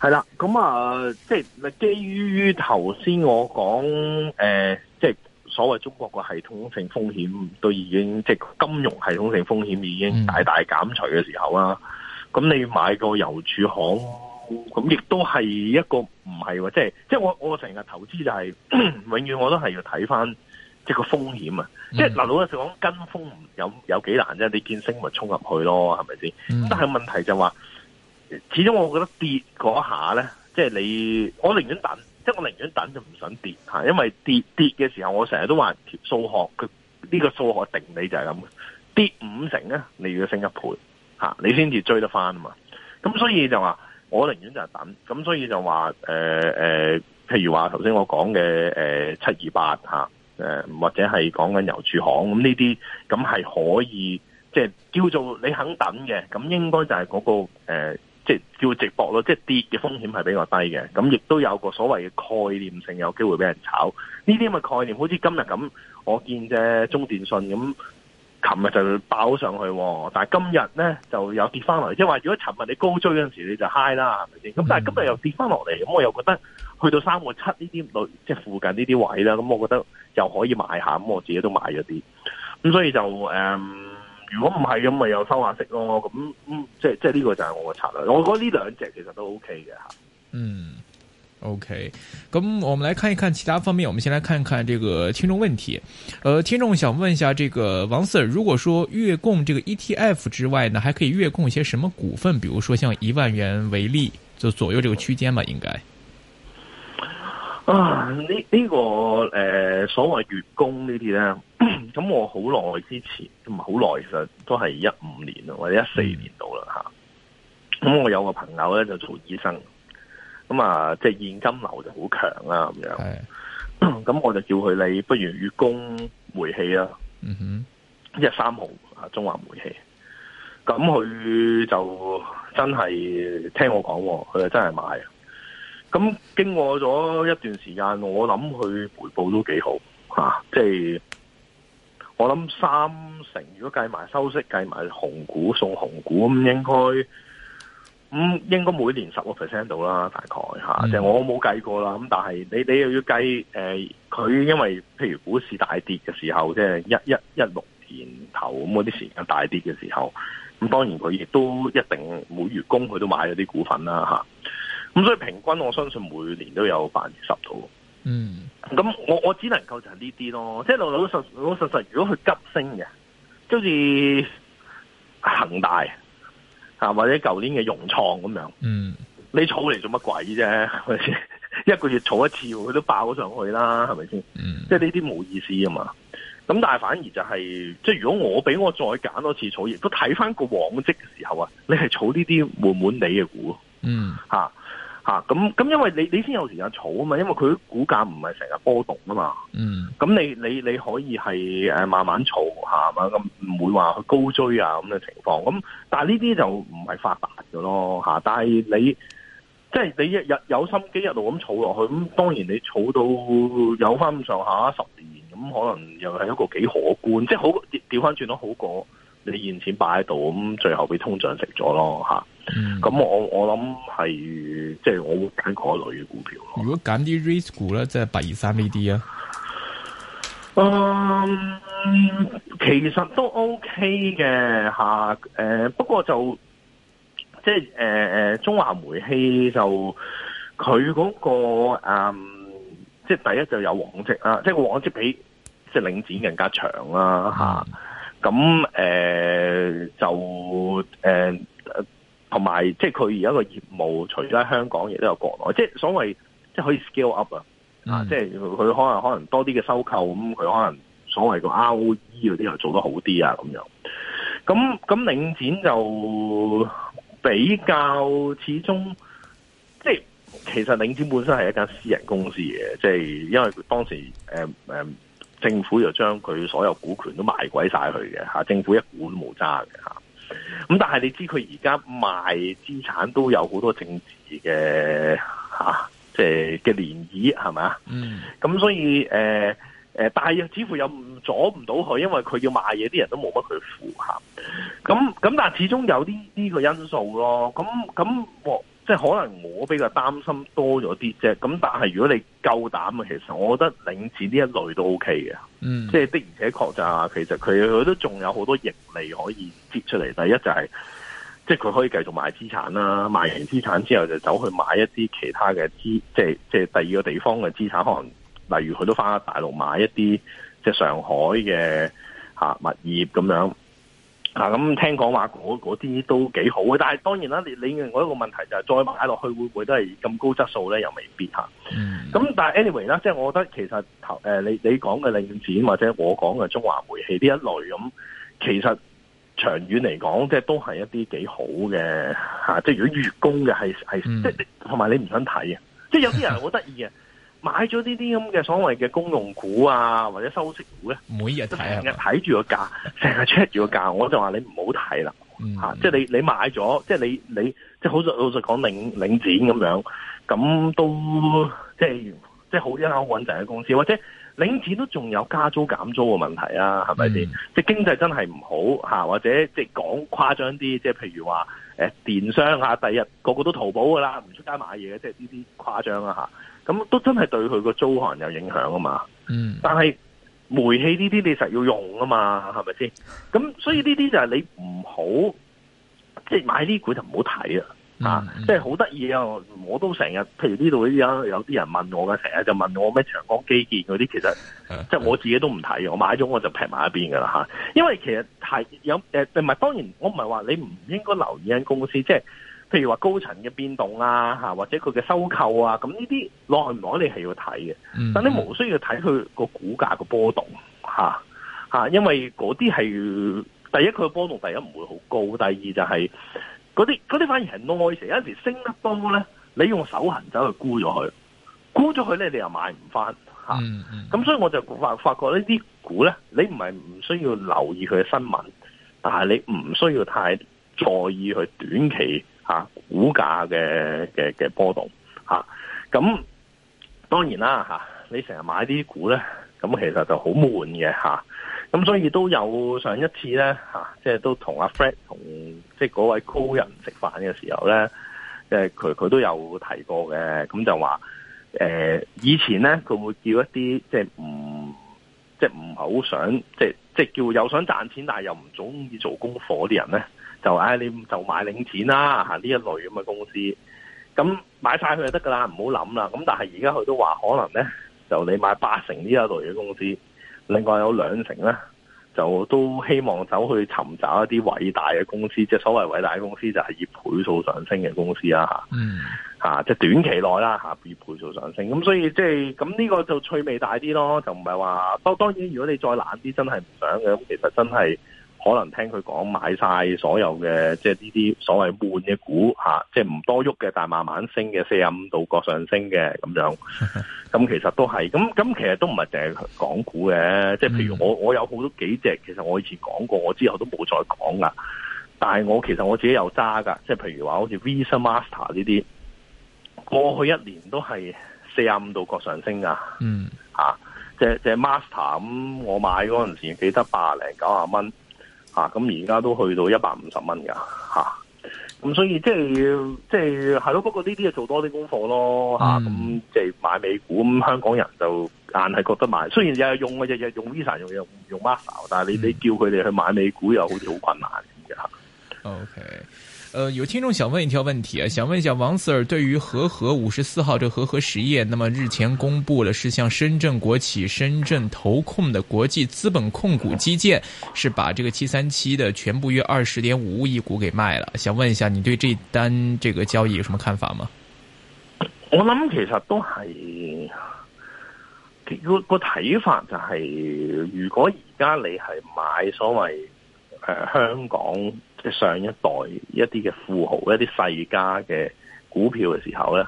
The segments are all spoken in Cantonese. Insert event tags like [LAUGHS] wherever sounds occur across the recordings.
係啦，咁啊，即係基於頭先我講誒，即、呃、係、就是、所謂中國個系統性風險都已經，即、就、係、是、金融系統性風險已經大大減除嘅時候啦。咁你買個郵儲行，咁亦都係一個唔係，即係即係我我成日投資就係、是、永遠我都係要睇翻即係個風險啊！即係嗱，老老實講，跟風有有幾難啫、啊？你見升咪衝入去咯，係咪先？嗯、但係問題就話。始終我覺得跌嗰下咧，即係你，我寧願等，即係我寧願等就唔想跌吓，因為跌跌嘅時候我，我成日都話數學佢呢個數學定理就係咁，跌五成咧，你要升一倍吓啊，你先至追得翻啊嘛。咁所以就話我寧願就係等，咁所以就話誒誒，譬如話頭先我講嘅誒七二八吓，誒啊或者係講緊郵儲行咁呢啲，咁係可以即係叫做你肯等嘅，咁應該就係嗰個誒。呃即係叫直搏咯，即係跌嘅風險係比較低嘅，咁亦都有個所謂嘅概念性，有機會俾人炒。呢啲咁嘅概念，好似今日咁，我見隻中電訊咁，琴日就爆上去，但係今日咧就有跌翻落嚟。即係話，如果尋日你高追嗰陣時，你就嗨啦，係咪先？咁但係今日又跌翻落嚟，咁我又覺得去到三個七呢啲類，即係附近呢啲位啦，咁我覺得又可以買下，咁我自己都買咗啲，咁所以就誒。Um, 如果唔係咁咪又收下息咯，咁嗯，嗯即係即係呢個就係我嘅策略，我覺得呢兩隻其實都 OK 嘅吓。嗯，OK，咁我們來看一看其他方面，我們先來看一看這個聽眾問題。呃，聽眾想問一下，這個王 Sir，如果說月供這個 ETF 之外呢，還可以月供一些什麼股份？比如說像一萬元為例，就左右這個區間吧，應該。啊，呢、這、呢個誒、呃，所謂月供些呢啲咧。咁我好耐之前唔係好耐，其實都係一五年啦，或者一四年度啦吓。咁、嗯、我有個朋友咧就做醫生，咁啊，即係現金流就好強啊咁樣。咁我就叫佢你不如月供煤氣啦。嗯哼，一三號啊，中華煤氣。咁佢就真係聽我講，佢就真係買。咁經過咗一段時間，我諗佢回報都幾好吓、啊，即係。我諗三成，如果計埋收息，計埋紅股送紅股咁，應該咁應該每年十個 percent 到啦，大概吓。即、嗯、係、即係、我冇計過啦，咁但係你你又要計誒，佢、呃、因為譬如股市大跌嘅時候，即、就、係、係、一一一六年頭咁嗰啲時間大跌嘅時候，咁當然佢亦都一定每月供佢都買咗啲股份啦，吓。咁所以平均我相信每年都有百分之十到。嗯、mm -hmm.，咁我我只能夠就係呢啲咯，即係老老實老老實實，如果佢急升嘅，即好似恒大或者舊年嘅融創咁樣，嗯、mm -hmm.，你儲嚟做乜鬼啫？係咪先？一個月儲一次，佢都爆咗上去啦，係咪先？即係呢啲冇意思啊嘛。咁但係反而就係、是，即、就、係、是、如果我俾我再揀多次儲亦都睇翻個往績嘅時候啊，你係儲呢啲慢慢哋嘅股，嗯，吓。啊，咁咁、嗯嗯，因為你你先有時間儲啊嘛，因為佢股價唔係成日波動啊嘛、呃啊啊啊啊就是。嗯。咁你你你可以係誒慢慢儲吓嘛，唔會話去高追啊咁嘅情況。咁但係呢啲就唔係發達嘅咯吓。但係你即係你一日有心機一路咁儲落去，咁當然你儲到有翻咁上下十年，咁可能又係一個幾可觀，即係好調翻轉都好過你現錢擺喺度，咁最後俾通脹食咗咯吓。啊咁、嗯、我我諗係即係我會揀嗰類嘅股票咯。如果揀啲 risk 股咧，即係八二三呢啲啊？嗯，其實都 OK 嘅吓。誒、啊，不過就即係誒誒，中華煤氣就佢嗰，那個誒、嗯，即係第一就有往績啦，即係往績比即係領展更加長啦吓。咁、嗯、誒、啊啊、就誒。啊同埋，即係佢而家個業務，除咗喺香港，亦都有國內，即係所謂，即係可以 scale up 啊，啊，即係佢可能可能多啲嘅收購，咁佢可能所謂個 ROE 嗰啲又做得好啲啊，咁樣，咁咁領展就比較始終，即係其實領展本身係一間私人公司嘅，即係因為當時誒誒、嗯嗯，政府就將佢所有股權都賣鬼晒佢嘅吓，政府一股都冇揸嘅吓。咁但係你知佢而家賣資產都有好多政治嘅，吓，即係嘅漣漪係咪啊？咁、嗯、所以誒誒、呃呃，但係似乎又阻唔到佢，因為佢要賣嘢，啲人都冇乜佢符合。咁、嗯、咁但係始終有呢、呢、呢、個呢個因素咯。咁咁即係可能我比較擔心多咗啲啫，咁但係如果你夠膽啊，其實我覺得領展呢一類都 O K 嘅，即係的而且確就係話，其實佢佢都仲有好多盈利可以接出嚟。第一就係，即係佢可以繼續賣資產啦，賣完資產之後就走去買一啲其他嘅資，即係即係第二個地方嘅資產，可能例如佢都翻去大陸買一啲即係上海嘅物業咁樣。啊，咁聽講話嗰啲都幾好嘅，但係當然啦，你另外一個問題就係再買落去會唔會都係咁高質素咧？又未必吓。咁、嗯、但係 anyway 啦，即係我覺得其實頭誒，你你講嘅領展或者我講嘅中華煤氣呢一類咁，其實長遠嚟講，即係都係一啲幾好嘅吓。即係如果月供嘅係係，即係同埋你唔想睇嘅，即係有啲人好得意嘅。 [LAUGHS] 買咗呢啲咁嘅所謂嘅公用股啊，或者收息股咧，啊，每日都成日睇住個價，成日 check 住個價，我就話你唔好睇啦，吓，嗯啊，即係你你買咗，即係你你即係好老實講領領展咁樣，咁都即係即係好一家好穩陣嘅公司，或者領展都仲有加租減租嘅問題啊，係咪先？即係經濟真係唔好吓，啊，或者即係講誇張啲，即係譬如話誒、呃、電商啊，第日個個都淘寶噶啦，唔出街買嘢，即係呢啲誇張啊。吓。咁都真係對佢個租行有影響啊嘛，嗯，但係煤氣呢啲你實要用啊嘛，係咪先？咁所以呢啲就係你唔好即係買呢啲股就唔好睇啊，啊，即係好得意啊！我都成日，譬如呢度有啲人問我嘅，成日就問我咩長江基建嗰啲，其實即係、就是、我自己都唔睇，我買咗我就劈埋一邊噶啦吓，因為其實係有誒，唔係，當然我唔係話你唔應該留意間公司，即係。譬如話高層嘅變動啊，吓或者佢嘅收購啊，咁呢啲耐唔耐你係要睇嘅，mm -hmm. 但你無需要睇佢個股價嘅波動，吓、啊、吓，因為嗰啲係第一佢嘅波動，第一唔會好高，第二就係嗰啲嗰啲反而係耐情有陣時一升得多咧，你用手痕走去沽咗佢，沽咗佢咧，你又買唔翻，吓、啊，咁、mm -hmm. 所以我就發發覺呢啲股咧，你唔係唔需要留意佢嘅新聞，但係你唔需要太在意佢短期。啊，股價嘅嘅嘅波動吓，咁、啊、當然啦吓、啊，你成日買啲股咧，咁其實就好悶嘅吓，咁、啊、所以都有上一次咧吓，即、啊、係、就是、都同阿 Fred 同即係嗰位高人食飯嘅時候咧，誒佢佢都有提過嘅，咁就話誒、呃、以前咧佢會叫一啲即係唔。就是即係唔係好想，即係即係叫又想賺錢，但係又唔中意做功課啲人呢，就唉、哎、你就買領錢啦，嚇呢一類咁嘅公司，咁買曬佢就得㗎啦，唔好諗啦。咁但係而家佢都話可能呢，就你買八成呢一類嘅公司，另外有兩成呢，就都希望走去尋找一啲偉大嘅公司，即係所謂偉大嘅公司就係、是、以倍數上升嘅公司啦、嗯嚇、啊，即係短期內啦吓，月倍數上升，咁所以即係咁呢個就趣味大啲咯，就唔係話，當當然如果你再懶啲，真係唔想嘅，咁其實真係可能聽佢講買晒所有嘅即係呢啲所謂悶嘅股、啊、即係唔多喐嘅，但係慢慢升嘅四十五度角上升嘅咁樣，咁其實都係，咁咁其實都唔係淨係講股嘅，即係譬如我我有好多幾隻，其實我以前講過，我之後都冇再講噶，但係我其實我自己有揸噶，即係譬如話好似 Visa Master 呢啲。過去一年都係四十五度角上升㗎。嗯嚇，即、啊、即、就是就是、master 咁，我買嗰陣時記得百零九十蚊，咁而家都去到一百五十蚊噶，咁、啊、所以即係即係係咯，不過呢啲嘢做多啲功課咯，咁即係買美股咁，香港人就硬係覺得買，雖然日日用啊，日日用 visa 用用用 master，但係你你叫佢哋去買美股又好似好困難。嗯嗯 OK，呃，有聽眾想問一條問題啊，想問一下王 Sir，對於和和五十四號這和和實業，那麼日前公布了是向深圳國企深圳投控的國際資本控股基建，是把這個七三七的全部約二十點五億股給賣了，想問一下你對這單這個交易有什麼看法嗎？我諗其實都係，個個睇法就係、是，如果而家你係買所謂、呃、香港。上一代一啲嘅富豪、一啲世家嘅股票嘅時候咧，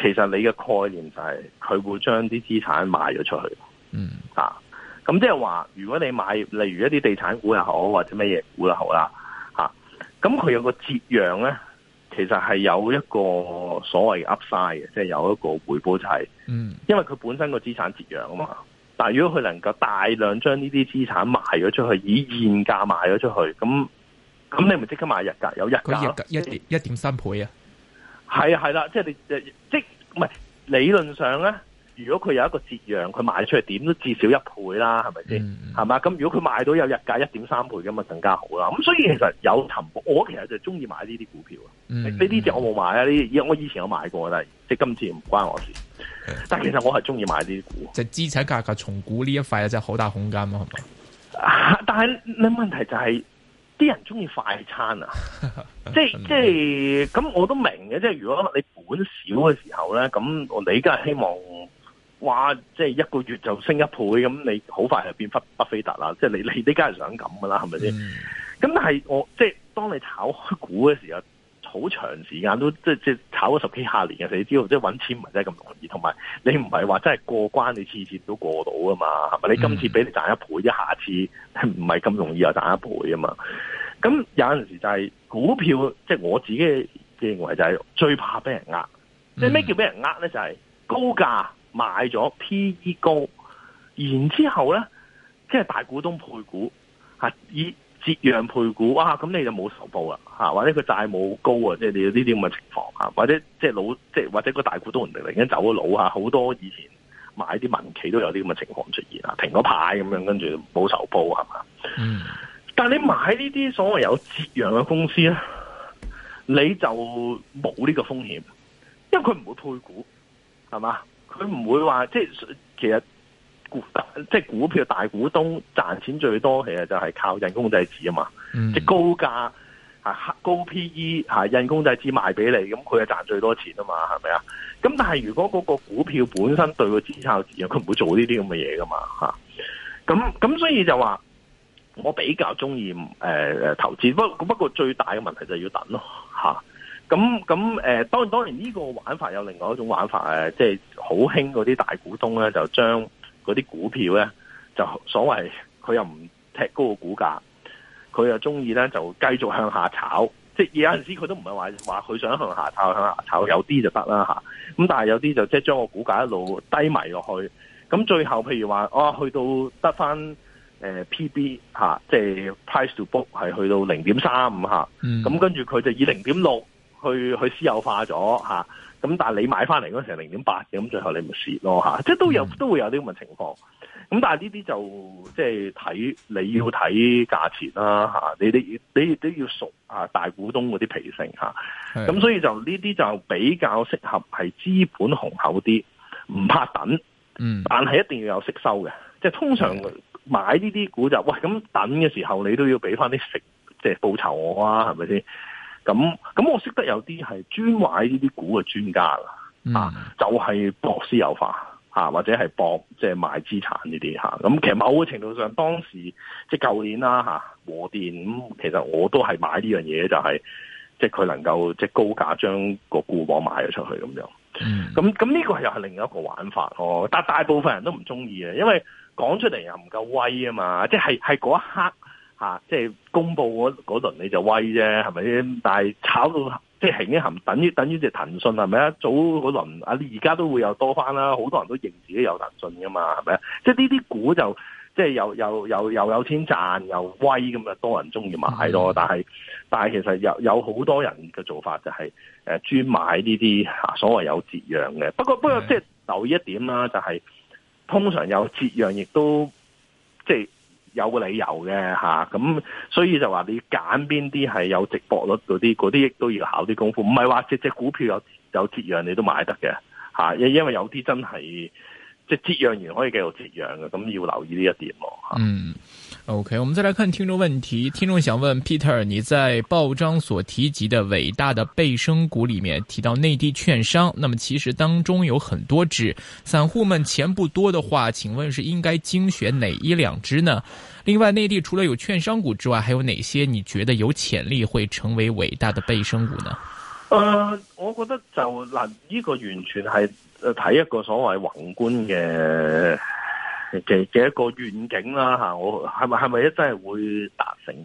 其實你嘅概念就係佢會將啲資產賣咗出去。嗯，咁即係話，如果你買例如一啲地產股又好，或者乜嘢股又好啦，吓、啊，咁佢有個折讓咧，其實係有一個所謂 Upside 嘅，即係有一個回報就係，嗯，因為佢本身個資產折讓啊嘛，但係如果佢能夠大量將呢啲資產賣咗出去，以現價賣咗出去，咁、嗯。嗯咁、嗯、你咪即刻買日價有日價一一點三倍啊！係啊係啦，即係你即唔係理論上咧，如果佢有一個折讓，佢賣出去點都至少一倍啦，係咪先？係、嗯、嘛？咁如果佢賣到有日價一點三倍嘅嘛，更加好啦。咁所以其實有尋我其實就中意買呢啲股票。呢啲隻我冇買啊，呢啲我以前有買過，但係即係今次唔關我事。嗯、但係其實我係中意買呢啲股。即係資產價格重估呢一塊呀，真係好大空間啊，係咪？但係你問題就係、是。啲人中意快餐啊， [LAUGHS] 即係即係咁我都明嘅，即係如果你本少嘅時候咧，咁你梗係希望話即係一個月就升一倍，咁你好快就變忽巴菲特啦，即係你你梗係想咁噶啦，係咪先？咁 [LAUGHS] 但係我即係當你炒開股嘅時候。好長時間都即係即係炒咗十幾廿年嘅，你知道即係揾錢唔係真係咁容易，同埋你唔係話真係過關你，你次次都過到啊嘛？係咪？你、嗯、今次俾你賺一倍，一下次唔係咁容易又賺一倍啊嘛？咁有陣時就係股票，即係我自己認為就係最怕俾人呃。即係咩叫俾人呃咧？就係高價買咗 PE 高，然之後咧即係大股東配股以折讓配股，哇、啊！咁你就冇仇報啦吓，或者佢債務高啊，即、就、係、是、你呢啲咁嘅情況啊，或者即係、就是、老，即係或者個大股東唔定，人哋，已經走咗佬啊，好多以前買啲民企都有啲咁嘅情況出現啊，停咗牌咁樣，跟住冇仇報係嘛、嗯？但係你買呢啲所謂有折讓嘅公司咧，你就冇呢個風險，因為佢唔會配股，係嘛？佢唔會話即係其實。即係股票大股東賺錢最多，其實就係靠印公仔紙啊嘛，嗯、即係高價啊高 P E 啊印公仔紙賣俾你，咁佢係賺最多錢啊嘛，係咪啊？咁但係如果嗰個股票本身對個支撐點，佢唔會做呢啲咁嘅嘢噶嘛，吓咁咁，所以就話我比較中意誒誒投資，不不過最大嘅問題就是要等咯，吓咁咁誒，當然當然呢個玩法有另外一種玩法誒、啊，即係好興嗰啲大股東咧就將。嗰啲股票咧就所謂佢又唔踢高個股價，佢又中意咧就繼續向下炒，即係有陣時佢都唔係話話佢想向下炒向下炒，有啲就得啦吓。咁但係有啲就即係將個股價一路低埋落去，咁最後譬如話啊去到得返誒 PB 吓、啊，即、就、係、是、price to book 係去到零點三五吓，咁、嗯、跟住佢就以零點六，去去私有化咗吓，咁但係你買翻嚟嗰陣零點八嘅，咁最後你咪蝕咯吓，即係都有都會有啲咁嘅情況。咁但係呢啲就即係睇你要睇價錢啦吓，你你都要熟啊大股東嗰啲脾性吓，咁所以就呢啲就比較適合係資本雄厚啲，唔怕等，但係一定要有息收嘅，即係通常買呢啲股就喂咁等嘅時候，你都要俾翻啲息，即係報酬我啊，係咪先？咁咁，我識得有啲係專買呢啲股嘅專家啦、嗯，啊，就係、是、博私有化啊，或者係博即係賣資產呢啲嚇。咁、啊、其實某個程度上，當時即係舊年啦嚇、啊，和電咁、嗯，其實我都係買呢樣嘢，就係、是、即係佢能夠即係高價將個固網賣咗出去咁樣。咁咁呢個又係另一個玩法咯、啊。但大部分人都唔中意嘅，因為講出嚟又唔夠威啊嘛。即係係嗰一刻。吓、啊，即係公布嗰嗰輪你就威啫，係咪？但係炒到即係行一行，等於等於隻騰訊係咪啊？早嗰輪，而家都會有多翻啦，好多人都認自己有騰訊噶嘛，係咪啊？即係呢啲股就即係又又又又有錢賺，又威咁啊，多人中意買咯。但係但係其實有有好多人嘅做法就係、是、誒、專、呃、買呢啲、啊、所謂有折讓嘅。不過不過即係留意一點啦，就係、是、通常有折讓亦都即係。有個理由嘅吓，咁、啊、所以就話你揀邊啲係有直播率嗰啲，嗰啲亦都要考啲功夫，唔係話隻只股票有有折讓你都買得嘅吓，因、啊、因為有啲真係。即係折讓源可以繼續折讓嘅，咁要留意呢一點咯。嗯，OK，我們再來看聽眾問題。聽眾想問 Peter，你在報章所提及的偉大的倍升股裏面提到內地券商，那麼其實當中有很多隻，散戶們錢不多的話，請問是應該精選哪一兩隻呢？另外，內地除了有券商股之外，還有哪些你覺得有潛力會成為偉大的倍升股呢？誒、呃，我覺得就嗱，呢、這個完全係睇一個所謂宏觀嘅嘅嘅一個願景啦，吓，我係咪係咪真係會達成？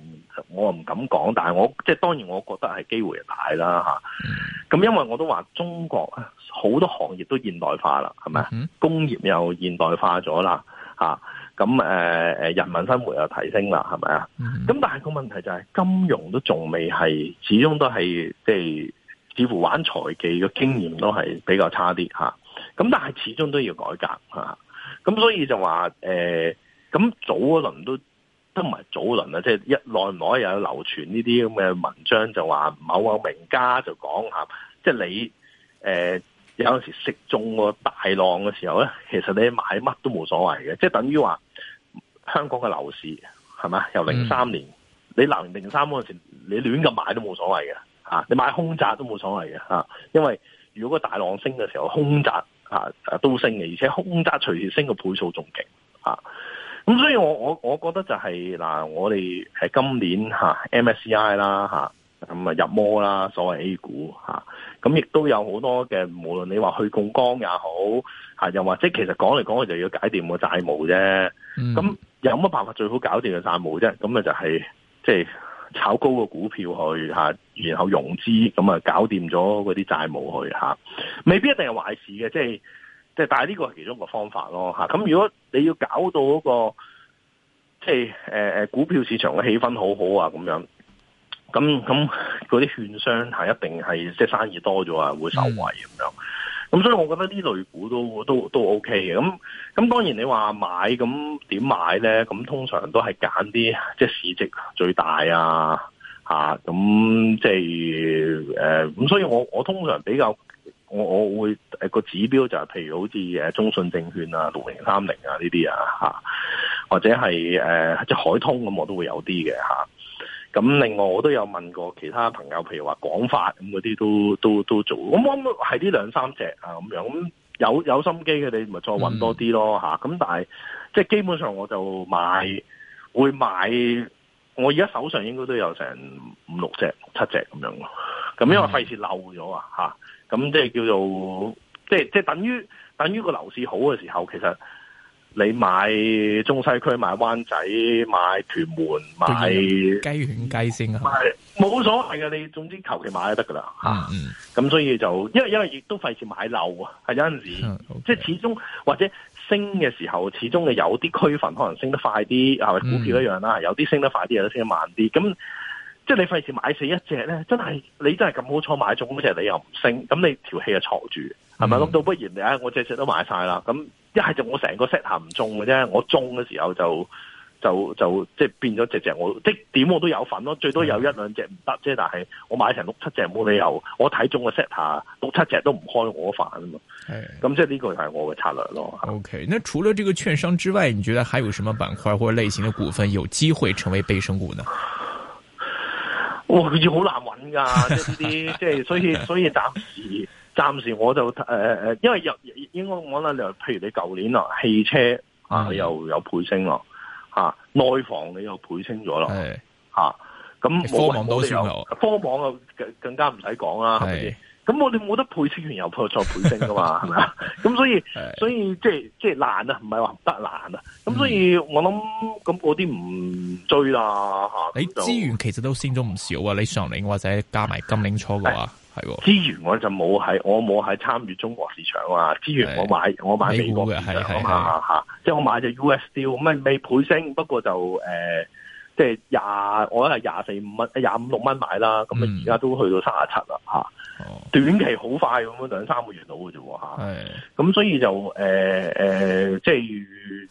我唔敢講，但係我即係當然，我覺得係機會大啦，吓。咁因為我都話中國好多行業都現代化啦，係咪？Mm-hmm. 工業又現代化咗啦，吓、啊。咁誒誒，人民生活又提升啦，係咪啊？咁、Mm-hmm. 但係個問題就係金融都仲未係，始終都係即係。似乎玩財技嘅經驗都係比較差啲嚇，咁、啊、但係始終都要改革嚇，咁、啊、所以就話誒，咁、呃、早嗰輪都，唔係早輪啦，即、就、係、是、一耐唔耐又有流傳呢啲咁嘅文章就說，就話某個名家就講嚇，即、就、係、是、你誒、呃、有陣時食中個大浪嘅時候咧，其實你買乜都冇所謂嘅，即、就、係、是、等於話香港嘅樓市係咪？由零三年，你零零三年嗰陣時，你亂咁買都冇所謂嘅。啊！你買空宅都冇所謂嘅嚇、啊，因為如果個大浪升嘅時候，空宅嚇、啊啊、都升嘅，而且空宅隨時升嘅倍數仲勁嚇。咁、啊、所以我我我覺得就係、是、嗱、啊，我哋係今年嚇、啊、MSCI 啦嚇，咁啊，啊入摩啦，所謂 A 股嚇，咁、啊、亦都有好多嘅，無論你話去槓桿也好嚇，又或者其實說來講嚟講去就要解掂個債務啫。咁、嗯、有乜辦法最好搞掂個債務啫？咁啊就係即係。就是炒高個股票去吓，然後融資咁啊，搞掂咗嗰啲債務去吓，未必一定係壞事嘅，即係即係，但係呢個係其中一個方法咯吓。咁如果你要搞到嗰個，即係誒誒，股票市場嘅氣氛好好啊，咁樣，咁咁嗰啲券商係一定係即係生意多咗啊，會受惠咁樣。咁所以，我覺得呢類股都都都 OK 嘅。咁咁當然你話買咁點買咧？咁通常都係揀啲即係市值最大啊，嚇咁即係誒。咁、就係呃、所以我我通常比較我我會個、呃、指標就係譬如好似中信證券啊、六零三零啊呢啲啊，啊或者係、呃、即係海通咁，我都會有啲嘅嚇。咁另外我都有問過其他朋友，譬如話廣發咁嗰啲都都都做，咁我係呢兩三隻啊咁樣，咁有有心機嘅你咪再搵多啲咯吓，咁、嗯、但係即係基本上我就買，會買。我而家手上應該都有成五六隻、七隻咁樣咯。咁因為費事漏咗、嗯、啊吓，咁即係叫做，即係即係等於等於個樓市好嘅時候，其實。你買中西區買灣仔買屯門買雞犬雞先啊，係冇所謂嘅，你總之求其買就得噶啦吓。咁、啊嗯、所以就因為因為亦都費事買漏啊，係有陣時，即係始終或者升嘅時候，始終係有啲區份可能升得快啲係咪股票一樣啦，嗯，有啲升得快啲，有啲升得慢啲。咁即係你費事買死一隻咧，真係你真係咁好彩買中一隻，你又唔升，咁你條氣又嘈住，係咪咁？倒、嗯、不如你唉，我隻隻都買晒啦，咁。一係就我成個 set 下唔中嘅啫，我中嘅時候就就就，就，就了即係變咗只隻我即係點我都有份咯，最多有一兩隻唔得啫，但係我買成六七隻冇理由，我睇中個 set 下六七隻都唔開我飯啊嘛。咁即係呢個係我嘅策略咯。O、okay, K，那除了呢個券商之外，你覺得還有什麼板塊或者類型嘅股份有機會成為倍升股呢？哇、 [LAUGHS] 哦，好難揾噶，呢啲即係所以所以暫時。暫時我就誒誒誒，因為入應該我諗譬如你舊年啊，汽車啊、嗯、又有倍升咯，吓、啊、內房你又倍升咗咯，吓咁、啊、科網都先有，有科網又更加唔使講啦，係咁我哋冇得倍升完又再倍升噶嘛，係 [LAUGHS] 咪？咁所以所以即係即係難啊，唔係話唔得難啊，咁所以，所以，所以，所以、嗯、咁我諗咁嗰啲唔追啦吓。你資源其實都升咗唔少啊，你上年或者加埋今年初嘅話。係資 [NOISE] 源我就冇喺，我冇喺參與中國市場啊！資源我買，我買美國嘅，係、啊、即係我買隻 USD，咩未倍升，不過就誒、呃，即係廿，我咧係廿四五蚊，廿五六蚊買啦，咁啊而家都去到三十七啦，吓，短期好快咁樣兩三個月到嘅啫，吓、啊，咁所以就誒誒，即係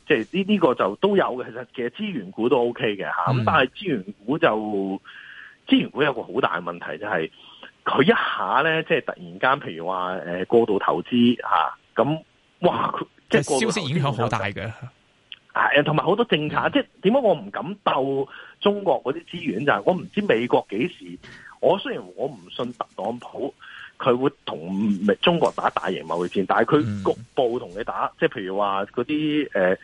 即係呢呢個就都有嘅，其實其實資源股都 OK 嘅吓，咁、嗯、但係資源股就資源股有個好大嘅問題就係、是。佢一下咧，即係突然間，譬如話誒過度投資吓，咁、啊、哇，佢即係消息影響好大嘅。係，同埋好多政策，嗯、即係點解我唔敢鬥中國嗰啲資源就係，我唔知美國幾時。我雖然我唔信特朗普，佢會同中國打大型貿易戰，但係佢局部同你打，即係譬如話嗰啲誒。呃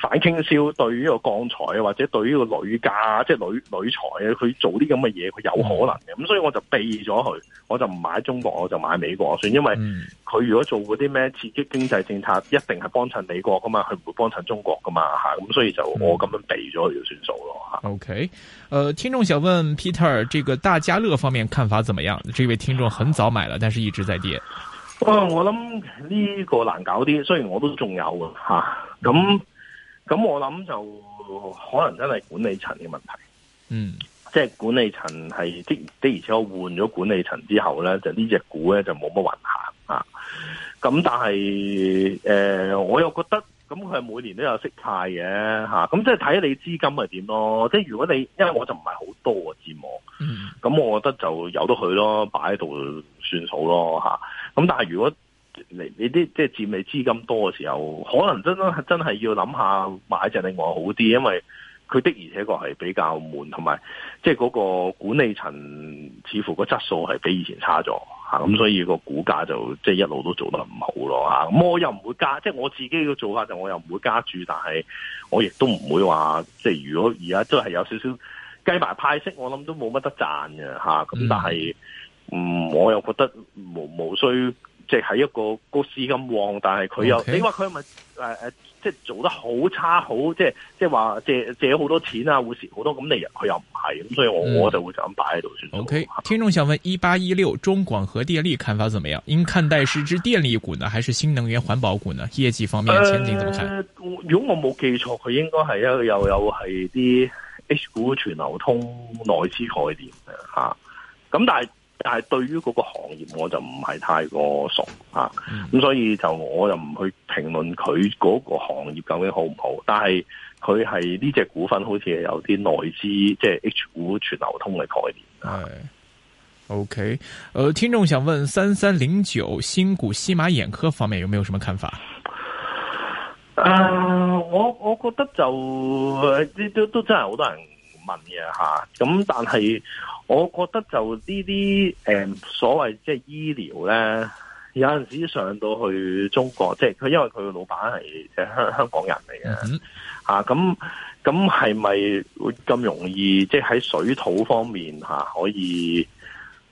反傾銷對呢個鋼材啊，或者對呢個鋁價，即係鋁鋁材啊，佢做啲咁嘅嘢，佢有可能嘅。咁、嗯、所以我就避咗佢，我就唔買中國，我就買美國算。因為佢如果做嗰啲咩刺激經濟政策，一定係幫襯美國噶嘛，佢唔會幫襯中國噶嘛吓。咁、啊、所以就我咁樣避咗佢就算數咯。OK、嗯、誒、啊，聽眾想問 Peter，這個大家樂方面看法怎麼樣？這位聽眾很早買了，但是一直在跌。啊，我諗呢個難搞啲，雖然我都仲有啊吓咁。嗯咁我諗就可能真係管理層嘅問題，嗯，即、就、係、是、管理層係即的，的而且確換咗管理層之後咧，就隻呢隻股咧就冇乜運行啊。咁但係誒、呃，我又覺得咁佢係每年都有息派嘅吓，咁即係睇你資金係點咯。即、就、係、是、如果你因為我就唔係好多嘅錢我，咁、嗯、我覺得就由得佢咯，擺喺度算數咯吓。咁、啊、但係如果你你啲即係佔你資金多嘅時候，可能真真係要諗下買隻另外好啲，因為佢的而且確係比較悶，同埋即係嗰個管理層似乎個質素係比以前差咗嚇，咁所以個股價就即係、就是、一路都做得唔好咯嚇。咁我又唔會加，即、就、係、是、我自己嘅做法就我又唔會加注，但係我亦都唔會話即係如果而家都係有少少計埋派息，我諗都冇乜得賺嘅嚇。咁但係唔、嗯、我又覺得冇冇需。即係一個股市咁旺，但係佢又、okay. 你話佢係咪誒誒，即係做得好差，好即係即係話借借咗好多錢啊，會蝕好多咁？你佢又唔係咁，所以我、嗯、我就會就咁擺喺度算。O、okay. K，聽眾想問一八一六中廣核電力看法怎麼樣？應看待是隻電力股呢，還是新能源環保股呢？業績方面前景怎麼看？如果我冇記錯，佢應該係一又有係啲 H 股全流通，內資概念吓，咁、啊、但係，但係對於嗰個行業我就唔係太過熟、嗯、啊，咁所以就我又唔去評論佢嗰個行業究竟好唔好，但係佢係呢隻股份好似有啲內資，即、就、係、是、H 股全流通嘅概念。係、嗯、，OK，誒、呃，聽眾想問三三零九新股希瑪眼科方面有冇有什麼看法？誒、呃，我我覺得就都都真係好多人。問嘅吓，咁 [NOISE] 但係我覺得就，這些就呢啲誒所謂即係醫療咧，有陣時上到去中國，即係佢因為佢嘅老闆係誒香香港人嚟嘅，啊咁咁係咪會咁容易即係喺水土方面吓可以？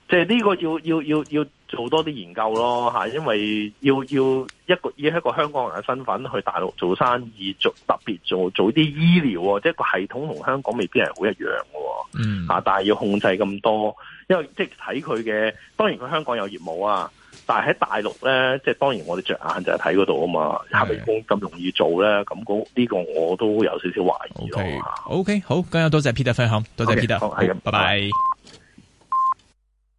即係呢個要要要要做多啲研究咯吓，因為要要一個以一個香港人嘅身份去大陸做生意做，特別做做啲醫療即係個系統同香港未必係好一樣嘅，嗯，吓，但係要控制咁多，因為即係睇佢嘅，當然佢香港有業務啊，但係喺大陸咧，即係當然我哋着眼就係睇嗰度啊嘛，下鬼工咁容易做咧，咁、這、呢個我都有少少懷疑咯。O K，O K，好，今日多謝 Peter 分享，多謝 Peter，係咁，拜拜。